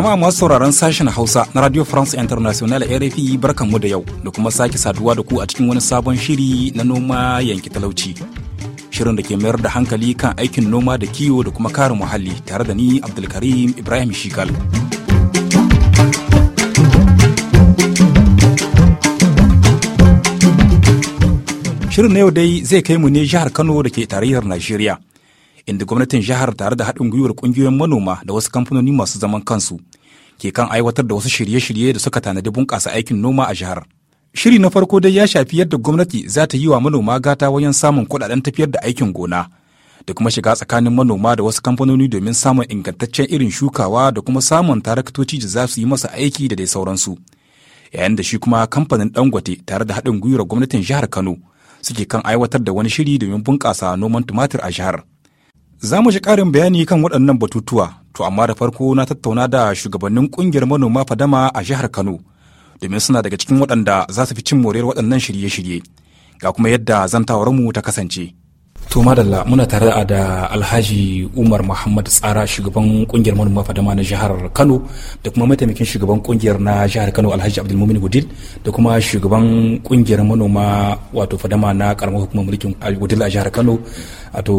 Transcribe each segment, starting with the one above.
Jama'a masu sauraron sashen Hausa na Radio France International RFI barkanmu da yau da kuma sake saduwa da ku a cikin wani sabon shiri na noma yanki talauci. Shirin da ke mayar da hankali kan aikin noma da kiwo da kuma kare muhalli tare da ni Abdulkarim Ibrahim Shikal. Shirin na yau dai zai kai mu ne jihar Kano da ke tarayyar Najeriya. inda gwamnatin jihar tare da haɗin gwiwar ƙungiyoyin manoma da wasu kamfanoni masu zaman kansu ke kan aiwatar da wasu shirye-shirye da suka tanadi bunƙasa aikin noma a jihar. Shiri na farko dai ya shafi yadda gwamnati za ta yi wa manoma gata wajen samun kuɗaɗen tafiyar da aikin gona da kuma shiga tsakanin manoma da wasu kamfanoni domin samun ingantaccen irin shukawa da kuma samun taraktoci da za su yi masa aiki da dai sauransu. Yayin da shi kuma kamfanin Dangote tare da haɗin gwiwar gwamnatin jihar Kano suke kan aiwatar da wani shiri domin bunƙasa noman tumatir a jihar. Za mu ji ƙarin bayani kan waɗannan batutuwa, to amma da farko na tattauna da shugabannin ƙungiyar manoma fadama a jihar Kano, domin suna daga cikin waɗanda za su fi cin moriyar waɗannan shirye-shirye. Ga kuma yadda zantawar mu ta kasance. to madalla muna tare da alhaji umar muhammad tsara shugaban kungiyar manoma fadama na jihar kano da kuma mataimakin shugaban kungiyar na jihar kano alhaji abdulmumin gudil da kuma shugaban kungiyar manoma wato fadama na karamar hukumar mulkin gudil a jihar kano wato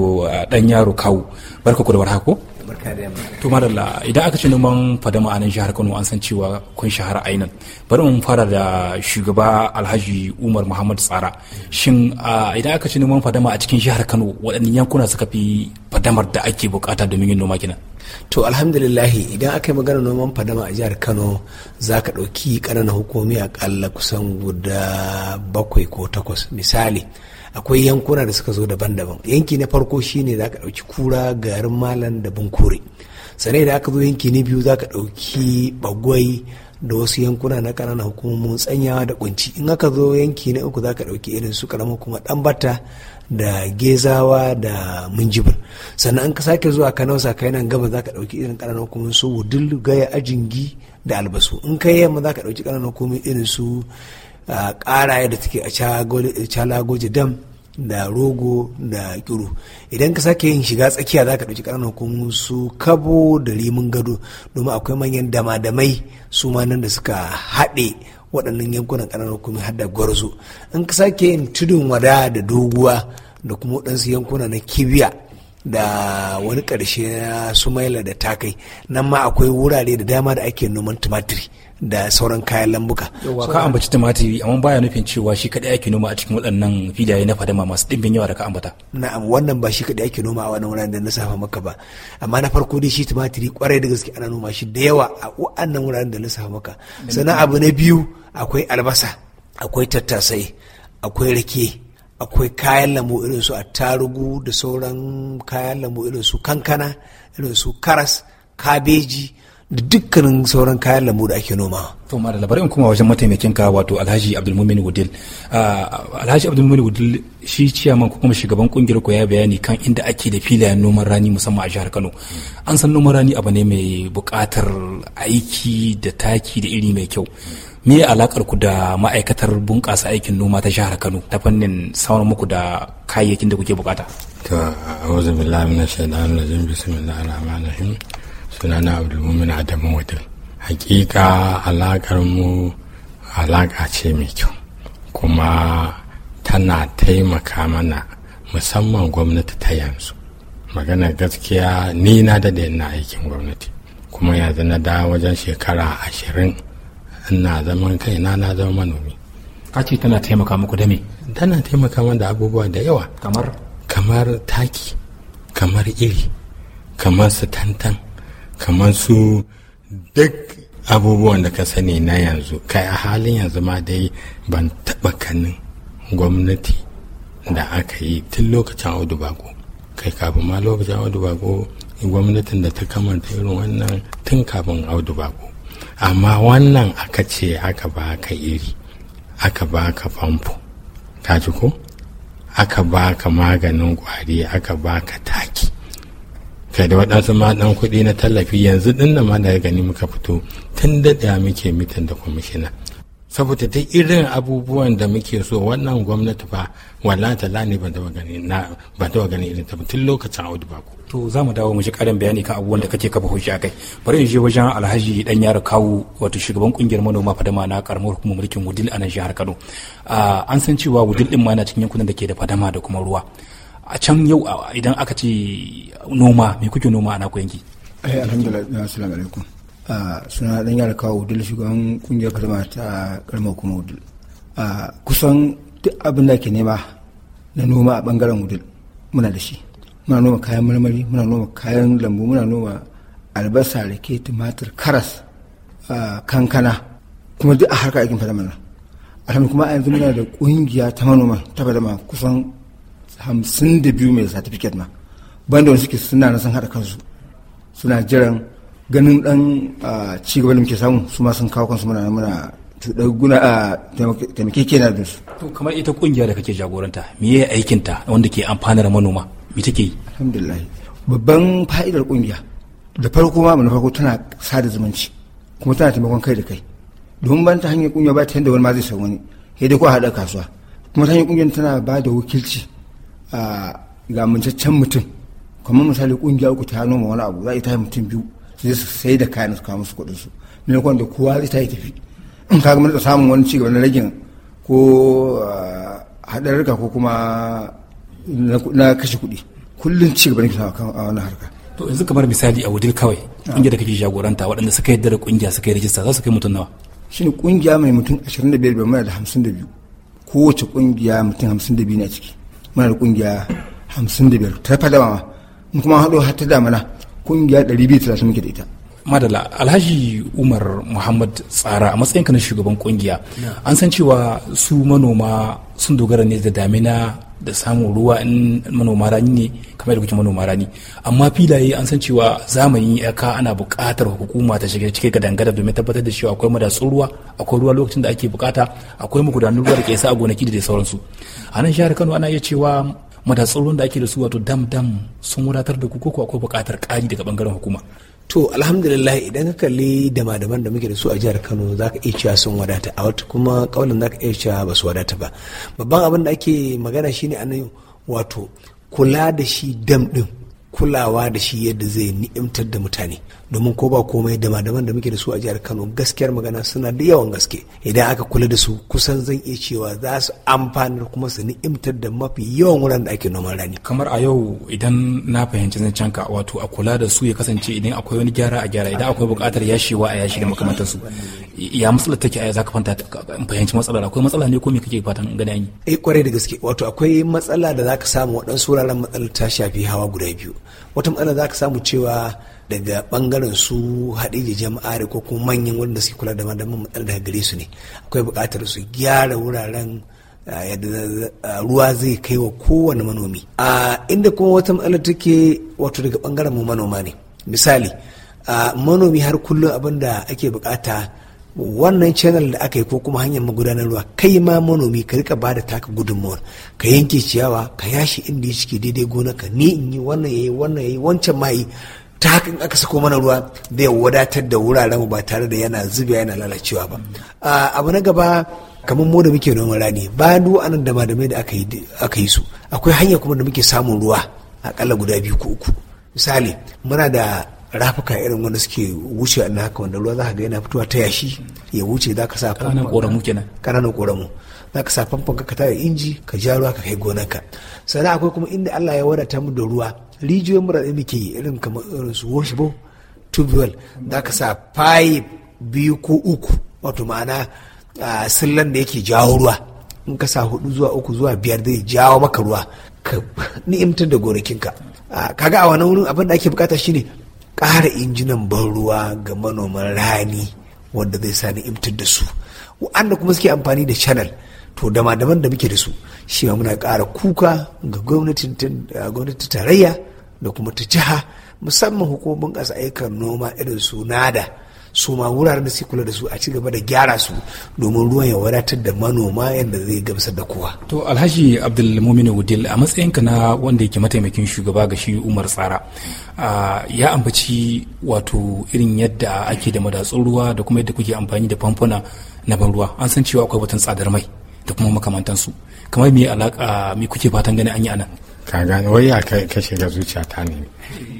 dan yaro kawu barka ku da warhaka barka da yamma to madalla idan aka ce noman fadama a nan jihar Kano an san cewa kun shahara ainan bari mun fara da shugaba Alhaji Umar Muhammad Tsara shin idan aka ce noman fadama a cikin jihar Kano waɗanne yankuna suka fi fadamar da ake bukata domin yin noma kenan to alhamdulillahi idan aka yi magana noman fadama a jihar kano za ka ɗauki ƙananan hukumi a kusan guda bakwai ko takwas misali akwai yankuna da suka zo daban-daban yanki na farko shine za ka ɗauki kura garin malam da bunkure sanai da aka zo yanki na biyu za ka ɗauki bagwai da wasu yankuna na ƙananan hukumomin tsanyawa da kunci in aka zo yanki na uku za ka ɗauki irin su ƙaramin kuma ɗanbata da gezawa da minjibir sannan an ka sake zuwa kano sakai nan gaba za ka ɗauki irin ƙananan hukumomin su wudul gaya ajingi da albasu in kai yamma za ka ɗauki ƙananan hukumomin irin su ƙaraye da take a calagoji dam da rogo da ƙiru idan ka sake yin shiga tsakiya za ka ɗauki ƙananan hukumomin su kabo da rimin gado domin akwai manyan damadamai su ma nan da suka haɗe waɗannan yankunan ƙananan hukumomi har da gwarzo in ka sake yin tudun wada da doguwa da kuma waɗansu yankuna na kibiya da wani ƙarshe na sumaila da takai nan ma akwai wurare da dama da ake noman tumatiri da sauran kayan lambuka. Yawwa ka ambaci tumatiri amma baya nufin cewa shi kaɗai ake noma a cikin waɗannan filaye na fadama masu ɗimbin yawa da ka ambata. Na'am wannan ba shi kaɗai ake noma a wannan wuraren da na safa maka ba amma na farko dai shi tumatiri kwarai da gaske ana noma shi da yawa a wannan wuraren da na safa maka. Sannan abu na biyu akwai albasa akwai tattasai akwai rake akwai kayan lambu irin su attarugu da sauran kayan lambu irin su kankana irin su karas kabeji da dukkanin sauran kayan lambu da ake noma. To ma da labarin kuma wajen mataimakin ka wato Alhaji Abdulmumin Wudil. Ah, Alhaji Abdulmumin Wudil shi ciyaman ko kuma shugaban kungiyar ko ya bayani kan inda ake da filayen noman rani musamman a jihar Kano. An san noman rani abu ne mai buƙatar aiki da taki da iri mai kyau. Me alakar ku da ma'aikatar bunƙasa aikin noma ta jihar Kano ta fannin sauran muku da kayayyakin da kuke bukata? To a'udhu billahi minash shaitanir rajim bismillahir rahmanir rahim. sunana abdulmumin adamu wadil hakika alakar mu alaka ce mai kyau kuma tana taimaka mana musamman gwamnati ta yanzu magana gaskiya ni na daɗe ina aikin gwamnati kuma yanzu na da wajen shekara ashirin ina zaman kai na zama manomi kaci tana taimaka muku da me tana taimaka mana da abubuwa da yawa kamar kamar taki kamar iri kamar su tantan kamar su duk abubuwan da ka sani na yanzu kai a halin yanzu ma dai ban taɓa kanin gwamnati da aka yi tun lokacin audu bako kai kafin ma lokacin audu bako gwamnatin da ta kamanta irin wannan tun kafin audu bako amma wannan aka ce aka ba ka iri aka ba ka famfo ka ko aka ba ka maganin kwari aka ba ka taki kai da waɗansu ma ɗan kuɗi na tallafi yanzu ɗin nan ma da gani muka fito tun daɗa muke mitin da kwamishina saboda ta irin abubuwan da muke so wannan gwamnati fa wala ta lani ba da gani na ba gani irin ta tun lokacin audu ba to za mu dawo mu ji karin bayani kan abubuwan da kake kafa hujja kai bari in je wajen alhaji dan yaro kawu wato shugaban kungiyar manoma fadama na karamar hukumar mulkin wudil a nan jihar Kano ah, an san cewa wudil din ma na cikin yankunan da ke da fadama da kuma ruwa a can yau idan aka ce noma me kuke noma ana yanki eh alhamdulillah assalamu alaikum suna dan yara kawo udul shugaban kungiyar kalma ta kalmar kuma udul kusan duk abin da ke nema na noma a bangaren udul muna da shi muna noma kayan marmari muna noma kayan lambu muna noma albasa rake tumatir karas kankana kuma duk a harka aikin fadamana alhamdu kuma a yanzu muna da kungiya ta manoma ta fadama kusan hamsin da biyu mai certificate ma banda wani suke suna na sun haɗa kansu suna jiran ganin dan ci gaba da muke samu su ma sun kawo kansu muna muna guna a taimake ke da su. To kamar ita kungiya da kake jagoranta me ya aikinta wanda ke amfanar manoma me take yi? Alhamdulillah babban fa'idar kungiya da farko ma mu na farko tana sada zumunci kuma tana taimakon kai da kai domin ban ta hanyar kungiya ba ta yadda wani ma zai san wani sai dai ko a haɗa kasuwa kuma ta hanyar kungiyar tana ba da wakilci ga muncaccen mutum kuma misali kungiya uku ta noma wani abu za a ta mutum biyu su je su sai da kayan su kawo musu kuɗin su maimakon da kowa zai ta yi tafi in ka da samun wani cigaba na ragin ko haɗarurka ko kuma na kashe kuɗi kullum cigaba ne a wani harka to yanzu kamar misali a wudil kawai kungiyar da kake jagoranta waɗanda suka yadda da kungiya suka yi rajista za su kai mutum nawa ne kungiya mai mutum biyar bai muna da biyu kowace kungiya mutum hamsin biyu ne a ciki muna da kungiya hamsin da biyar ta fada ma in kuma haɗo har ta damana kungiya ɗari biyu talatin muke da ita. madala alhaji umar muhammad tsara a matsayinka na shugaban kungiya an san cewa su manoma sun dogara ne da damina da samun ruwa in manoma rani ne kamar da kuke manoma rani amma filaye an san cewa zamani ya ka ana buƙatar hukuma ta shiga cike gadangada domin tabbatar da cewa akwai madatsun ruwa akwai ruwa lokacin da ake buƙata akwai magudanar ruwa da ke sa a gonaki da sauransu a nan jihar Kano ana iya cewa madatsun ruwan da ake da su wato dam dam sun wadatar da ku ko akwai buƙatar ƙari daga bangaren hukuma to alhamdulillah idan ka kalli dama-daman da muke da su a jihar kano za ka iya cewa sun wadata a wata kuma kaulin za ka iya cewa ba su wadata ba babban abin da ake magana shine a nan wato kula da shi dam din kulawa da shi yadda zai ni'imtar da mutane domin ko ba komai da madaman da muke da su a jihar kano gaskiyar magana suna da yawan gaske idan aka kula da su kusan zan iya cewa za su amfanar kuma su ni'imtar da mafi yawan wuraren da ake noman rani kamar a yau idan na fahimci zancen ka wato a kula da su ya kasance idan akwai wani gyara a gyara idan akwai bukatar yashewa a yashi da makamantar su ya matsalar take a zaka fanta fahimci matsalar akwai matsala ne ko me kake fatan gani an eh kwarai da gaske wato akwai matsala da zaka samu waɗansu wuraren matsalar ta shafi hawa guda biyu wata matsala zaka samu cewa daga bangaren su hadiji jama'a ko kuma manyan wanda suke kula da madaman matsalar daga gare su ne akwai buƙatar su gyara wuraren ah, yadda ah, ruwa zai kai wa kowane manomi a ah, inda kuma wata matsala take wato daga bangaren mu manoma ne misali manomi har kullum abin da ake bukata wannan channel da aka yi ko kuma hanyar magudanar ruwa kai ma manomi ka rika ba da taka gudunmawar ka yanke ciyawa ka yashi inda ya cike daidai gona ka ni in yi wannan yayi wannan yayi wancan ma yi ta hakan aka sako mana ruwa da ya wadatar da wuraren mu ba tare da yana zubewa yana lalacewa ba abu na gaba kamar mu da muke noman rani ba duk anan da madamai da aka yi su akwai hanya kuma da muke samun ruwa akalla guda biyu ko uku misali muna da rafuka irin wanda suke wuce na haka wanda ruwa za ka ga yana fitowa ta yashi ya wuce za ka sa kananan koramu kenan kananan koramu za ka sa famfon ka tare inji ka ja ruwa ka kai gonarka sannan akwai kuma inda Allah ya wadata mu da ruwa rijiyoyin mura da muke irin kamar irin su bo tubewell za ka sa pipe biyu ko uku wato ma'ana sillan da yake jawo ruwa in ka sa hudu zuwa uku zuwa biyar zai jawo maka ruwa ka ni'imtar da gonakinka kaga a wani wurin abin da ake bukata shine ƙara injinan ban ruwa ga manoman rani wanda zai sa ni imtar da su wa'anda kuma suke amfani da channel to dama daban da muke da su shi ma muna ƙara kuka ga gwamnati tarayya da kuma ta jiha musamman hukumomin ƙasa ayyukan noma irin su nada su ma wuraren da su kula da su a ci gaba da gyara su domin ruwan ya wadatar da manoma yadda zai gamsar da kowa. To Alhaji Abdulmumin Wudil a matsayinka na wanda yake mataimakin shugaba ga shi Umar Tsara ya ambaci wato irin yadda ake da madatsun ruwa da kuma yadda kuke amfani da famfuna na ban ruwa an san cewa akwai batun tsadar mai da kuma su kamar me alaka me kuke fatan ganin an yi anan. Ka gane wai ya kashe ga zuciya ta ne.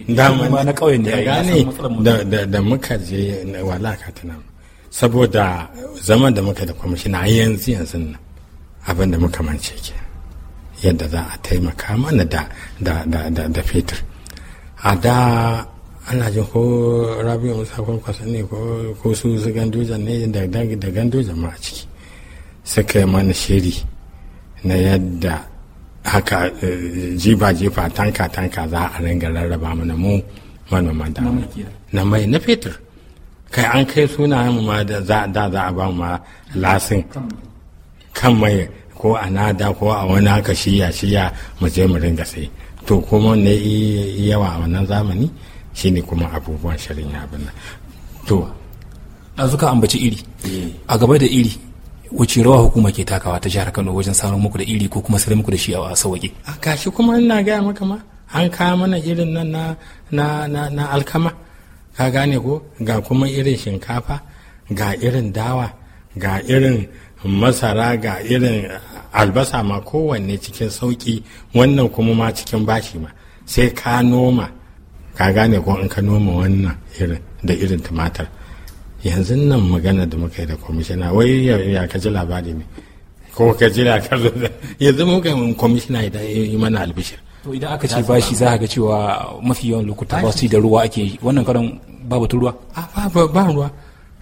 ma na da da muka je walaka ta nan saboda zaman da muka da kwamishina yanzu yanzu nan abin da muka mance ke yadda za a taimaka mana da da fetur a da ana jin ko rabi'u musa kwankwasa ne ko su su gandoja ne da gandoja ma a ciki suka yi mana shiri na yadda haka eh, jifa-jifa tanka-tanka za a ringa rarraba mana mu manoma da na mai na fetur kai an kai sunayen ma da za a ba ma lasin kan mai ko a nada ko a wani haka shiya-shiya mu je mu ringa sai to kuma ne yawa a wannan zamani shine kuma abubuwan shirin ya nan to a zuka ambaci iri eh. a gaba da iri wace rawa hukuma ke takawa ta jihar Kano wajen samun muku da iri ko kuma sayar muku da shi a sauƙi a gashi kuma ina gaya maka ma an kawo mana irin nan na na na, na alkama ka gane ko ga kuma irin shinkafa ga irin dawa ga irin masara ga irin albasa ma kowanne cikin sauki wannan kuma ma cikin bashi ma sai ka noma ka gane ko in ka noma wannan irin da irin tumatir yanzu nan magana da muka yi da kwamishina wai ya ka ji labari ne ko ka ji ka zo da yanzu muka yi kwamishina idan yi mana albishir to idan aka ce bashi za ga cewa mafi yawan lokuta ba su da ruwa ake wannan karan babu tu ruwa a ba ba ruwa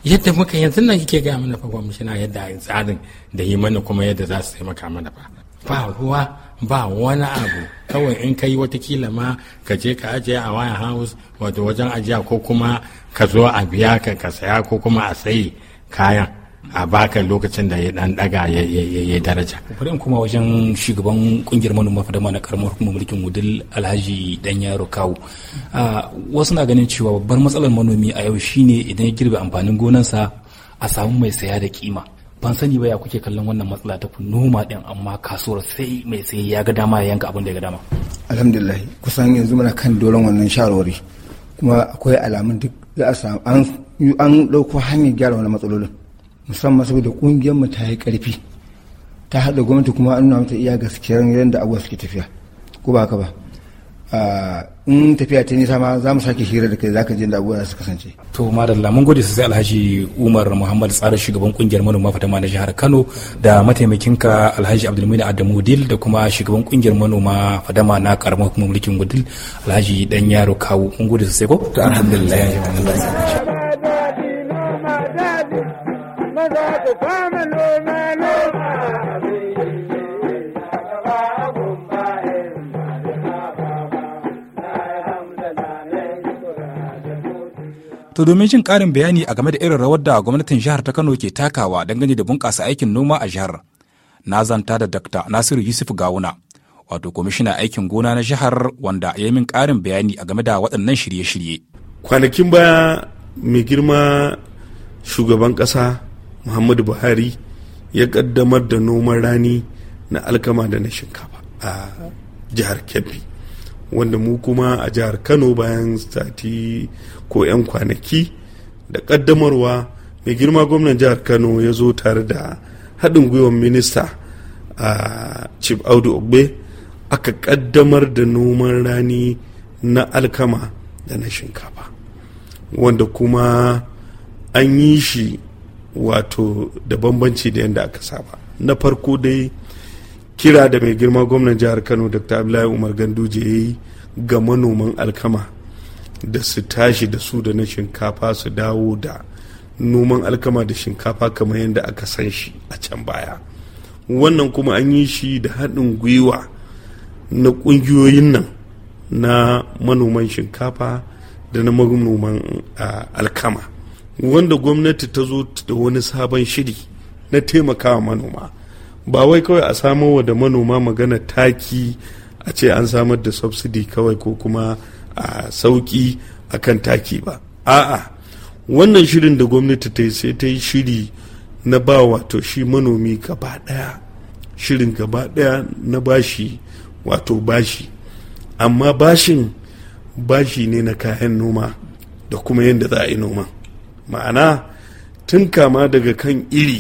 yadda muka yanzu nan kike ga mana fa kwamishina yadda tsarin da yi mana kuma yadda za su taimaka mana fa ba ruwa ba wani abu kawai in kai watakila ma ka je ka ajiye a waya house wato wajen ajiya ko kuma ka zo a biya ka ka saya ko kuma a sayi kayan a baka lokacin da ya dan daga ya daraja. Bari kuma wajen shugaban kungiyar manoma fadama na karamar hukumar mulkin wudil Alhaji dan yaro kawo. Ah, wasu na ganin cewa babbar matsalar manomi a yau shine idan ya girbe amfanin gonarsa a samu mai saya da kima. ban sani ba ya kuke kallon wannan matsala ta noma din amma kasuwar sai mai sai ya ga dama ya yanka abin da ya ga dama alhamdulillah kusan yanzu muna kan doron wannan shawarwari kuma akwai alamun duk za a samu an an dauko hanyar gyara wannan matsalolin musamman saboda kungiyar mu ta yi karfi ta hada gwamnati kuma an nuna mata iya gaskiyar yadda abubuwa suke tafiya ko ba haka ba ah, in tafiya ta nisa ma za mu sake hira da kai ka je da abubuwa su kasance to madalla mun gode sosai alhaji umar muhammad tsara shugaban kungiyar manoma fatama na jihar kano da mataimakinka alhaji Abdulmuni adamu dil da kuma shugaban kungiyar manoma fadama na karamar hukumar mulkin Gudil alhaji dan yaro kawo mun gode sosai ko to alhamdulillah To domin jin ƙarin bayani a game da irin rawar da gwamnatin jihar ta Kano ke takawa dangane da bunƙasa aikin noma a jihar, na zanta da Dr. Nasiru Yusuf Gawuna, wato kwamishina aikin gona na jihar wanda ya min karin bayani a game da waɗannan shirye-shirye. Kwanakin baya mai girma shugaban ƙasa Muhammadu Buhari ya ƙaddamar da noman rani na alkama da na shinkafa a jihar Kebbi. wanda mu kuma a jihar kano bayan sati ko 'yan kwanaki da ƙaddamarwa mai girma gwamnan jihar kano ya zo tare da haɗin gwiwar minista a chief audu ogbe aka ƙaddamar da noman rani na alkama da na shinkafa wanda kuma an yi shi wato da bambanci da yadda aka saba na farko dai kira da mai girma gwamnan jihar kano dr abdullahi umar ganduje ya yi ga manoman alkama da su tashi da su da na shinkafa su dawo da noman alkama da shinkafa kamar yadda aka san shi a can baya wannan kuma an yi shi da haɗin gwiwa na ƙungiyoyin nan na manoman shinkafa da na manoman alkama wanda gwamnati ta zo da wani sabon shiri na taimakawa manoma ba wai kawai a samo wa da manoma magana taki a ce an samar da subsidy kawai ko kuma a sauki a kan taki ba a'a wannan shirin da gwamnati ta yi sai ta yi shiri na ba wato shi manomi gaba daya shirin gaba daya na bashi wato bashi amma bashin bashi ne na kayan noma da kuma yadda za a yi noma ma'ana tun kama daga kan iri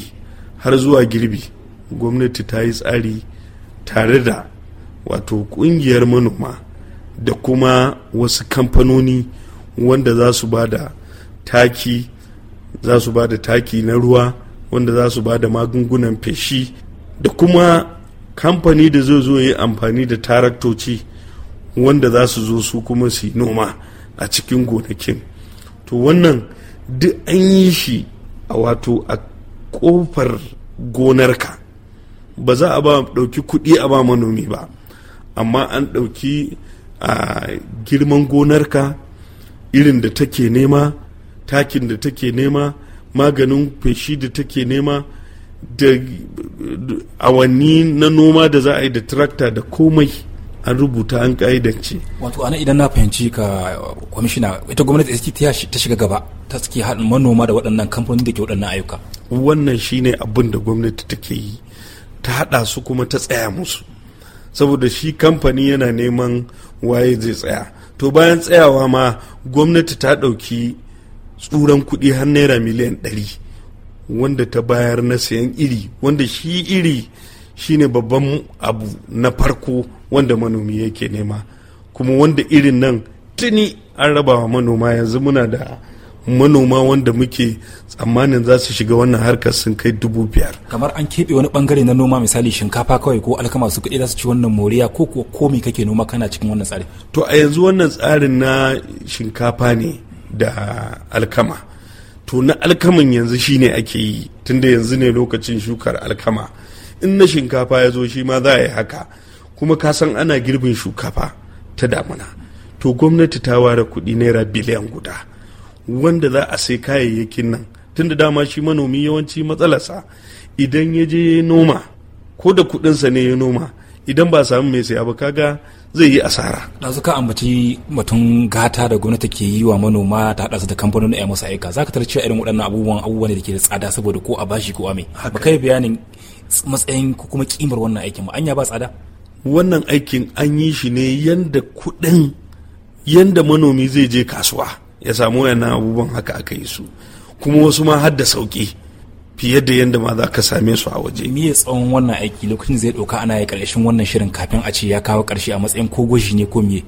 har zuwa girbi gwamnati ta yi tsari tare da wato kungiyar manoma da kuma wasu kamfanoni wanda za su ba da taki za su ba da taki na ruwa wanda za su ba da magungunan feshi da kuma kamfani da zai zo yi amfani da taraktoci wanda za su zo su kuma su noma a cikin gonakin to wannan duk an yi shi a wato a kofar gonarka ba za a ba ɗauki kuɗi a ba manomi ba amma an ɗauki a girman gonarka irin da take nema takin da take nema maganin feshi da take nema da awanni na noma da za a yi da trakta da komai an rubuta an ka'idance. wato ana idan na fahimci ka kwamishina ita gwamnati st ta shiga gaba ta suke haɗin manoma da waɗannan kamfanin da ke waɗannan ayyuka wannan shine abin da gwamnati take yi ta haɗa su kuma ta tsaya musu saboda shi kamfani yana neman waye zai tsaya to bayan tsayawa ma gwamnati ta ɗauki tsuran kuɗi har naira miliyan ɗari wanda ta bayar na sayan iri wanda shi iri shine babban abu na farko wanda manomi yake nema kuma wanda irin nan tuni an rabawa manoma yanzu muna da manoma wanda muke tsammanin za su shiga wannan harkar sun kai dubu biyar. kamar an keɓe wani bangare na noma misali shinkafa kawai ko alkama su kaɗai za su ci wannan moriya ko ko komi kake noma kana cikin wannan tsari. to a yanzu wannan tsarin na shinkafa ne da alkama to na alkaman yanzu shine ake yi tunda yanzu ne lokacin shukar alkama in na shinkafa ya zo shi ma za a yi haka kuma ka san ana girbin shukafa ta damuna to gwamnati ta ware kuɗi naira biliyan guda wanda za a sai kayayyakin nan tun da dama shi manomi yawanci matsalarsa idan ya je ya noma ko da kuɗinsa ne ya noma idan ba samu mai saya ba kaga zai yi asara. Ɗazu ka ambaci mutum gata da gwamnati ke yi wa manoma ta haɗa su da kamfanonin ya masu aika za ka tarci irin waɗannan abubuwan ne da ke da tsada saboda ko a bashi ko a mai. Ba kai bayanin matsayin ko kuma kimar wannan aikin ba anya ba tsada. Wannan aikin an yi shi ne yanda kuɗin yanda manomi zai je kasuwa. ya samu wayannan abubuwan haka aka yi su kuma wasu ma har da sauki fiye da yadda ma za ka same su a waje. Me ya tsawon wannan aiki lokacin zai ɗauka ana yi karshen wannan shirin kafin a ce ya kawo karshe a matsayin ko gwaji ne ko me?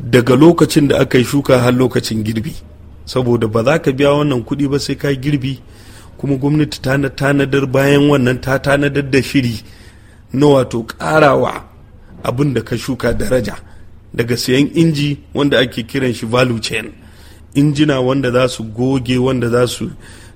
Daga lokacin da aka yi shuka har lokacin girbi. Saboda ba za ka biya wannan kuɗi ba sai ka girbi kuma gwamnati ta na tanadar bayan wannan ta tanadar da shiri na wato wa abin da ka shuka daraja daga sayan inji wanda ake kiran shi value chain. injina wanda za su goge wanda za su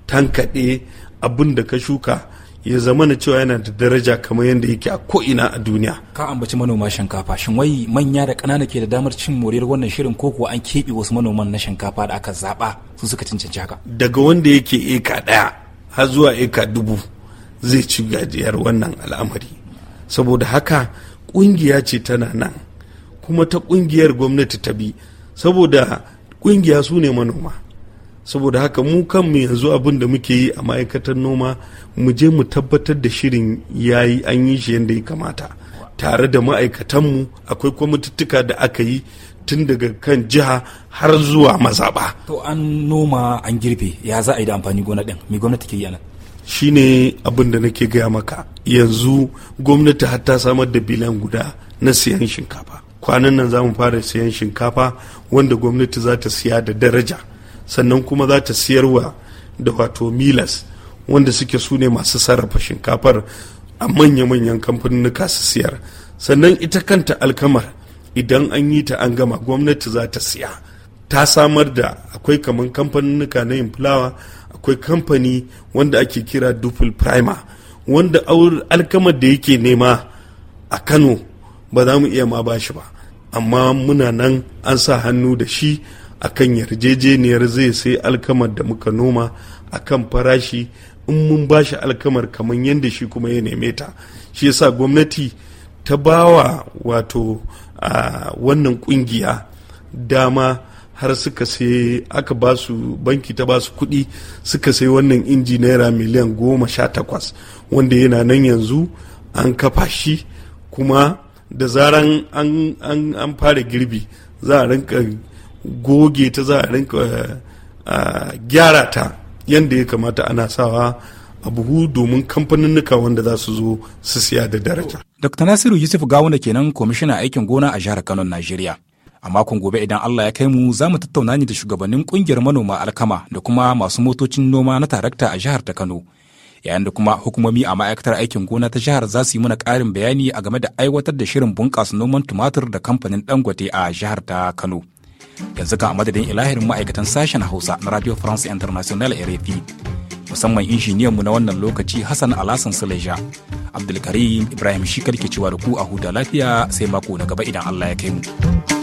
tankaɗe abin da ka shuka ya zama na cewa yana da daraja kamar yadda yake a ko'ina a duniya. Ka ambaci manoma shinkafa, shin wai manya da ƙanana ke da damar cin moriyar wannan shirin ko kuwa an keɓe wasu manoman na shinkafa da aka zaɓa su suka cancanci haka? Daga wanda yake eka ɗaya har zuwa eka dubu zai ci gajiyar wannan al'amari. Saboda haka ƙungiya ce tana nan kuma ta ƙungiyar gwamnati ta bi saboda ƙungiya su ne manoma saboda haka mu kanmu yanzu abin da muke yi a ma'aikatar noma mu je mu tabbatar da shirin ya yi an yi shi yadda ya kamata tare da ma'aikatanmu akwai kwamituttuka da aka yi tun daga kan jiha har zuwa mazaɓa. to an noma an girbe ya za a yi da amfani gona ɗin mai gwamnati ke yi anan ne abin da nake gaya maka yanzu gwamnati har ta samar da bilan guda na siyan shinkafa kwanan nan za mu fara siyan shinkafa wanda gwamnati za ta siya da daraja sannan kuma za ta siyarwa da wato milas wanda suke su ne masu sarrafa shinkafar a manya-manyan kamfanunuka su siyar sannan ita kanta alkamar idan an yi ta an gama gwamnati za ta siya ta samar da akwai kamar kamfanunuka na yin fulawa akwai kamfani wanda ake kira dupul primer wanda alkamar da yake nema a kano ba za mu iya ma ba shi ba amma muna nan an sa hannu da shi a kan yarjejeniyar zai sai alkamar da muka noma a kan farashi in mun ba shi alkamar kamar yadda shi kuma ya neme ta shi yasa gwamnati ta bawa wato a wannan kungiya dama har suka sai aka ba su banki ta ba su kuɗi suka sai wannan inji naira miliyan goma sha takwas wanda yana nan yanzu an kafa shi kuma da zaran an fara girbi za a rinka goge ta za a rinka gyara ta yadda ya kamata ana sawa a buhu domin kamfaninnuka wanda za su zo su siya da daraja. Dr. Nasiru Yusuf Gawuna kenan kwamishinan aikin gona a jihar Kano, Najeriya. A makon gobe idan Allah ya kai mu za mu tattauna ne da shugabannin kungiyar manoma alkama da kuma masu motocin noma na tarakta a jihar ta Kano yayin da kuma hukumomi a ma'aikatar aikin gona ta jihar za su yi mana ƙarin bayani a game da aiwatar da shirin bunƙasa noman tumatur da kamfanin dangote a jihar ta kano yanzu kan a madadin ilahirin ma'aikatan sashen hausa na radio france international rfi musamman injiniyan mu na wannan lokaci hassan alasan suleja abdulkarim ibrahim shi ke cewa da ku a huda lafiya sai mako na gaba idan allah ya kai mu.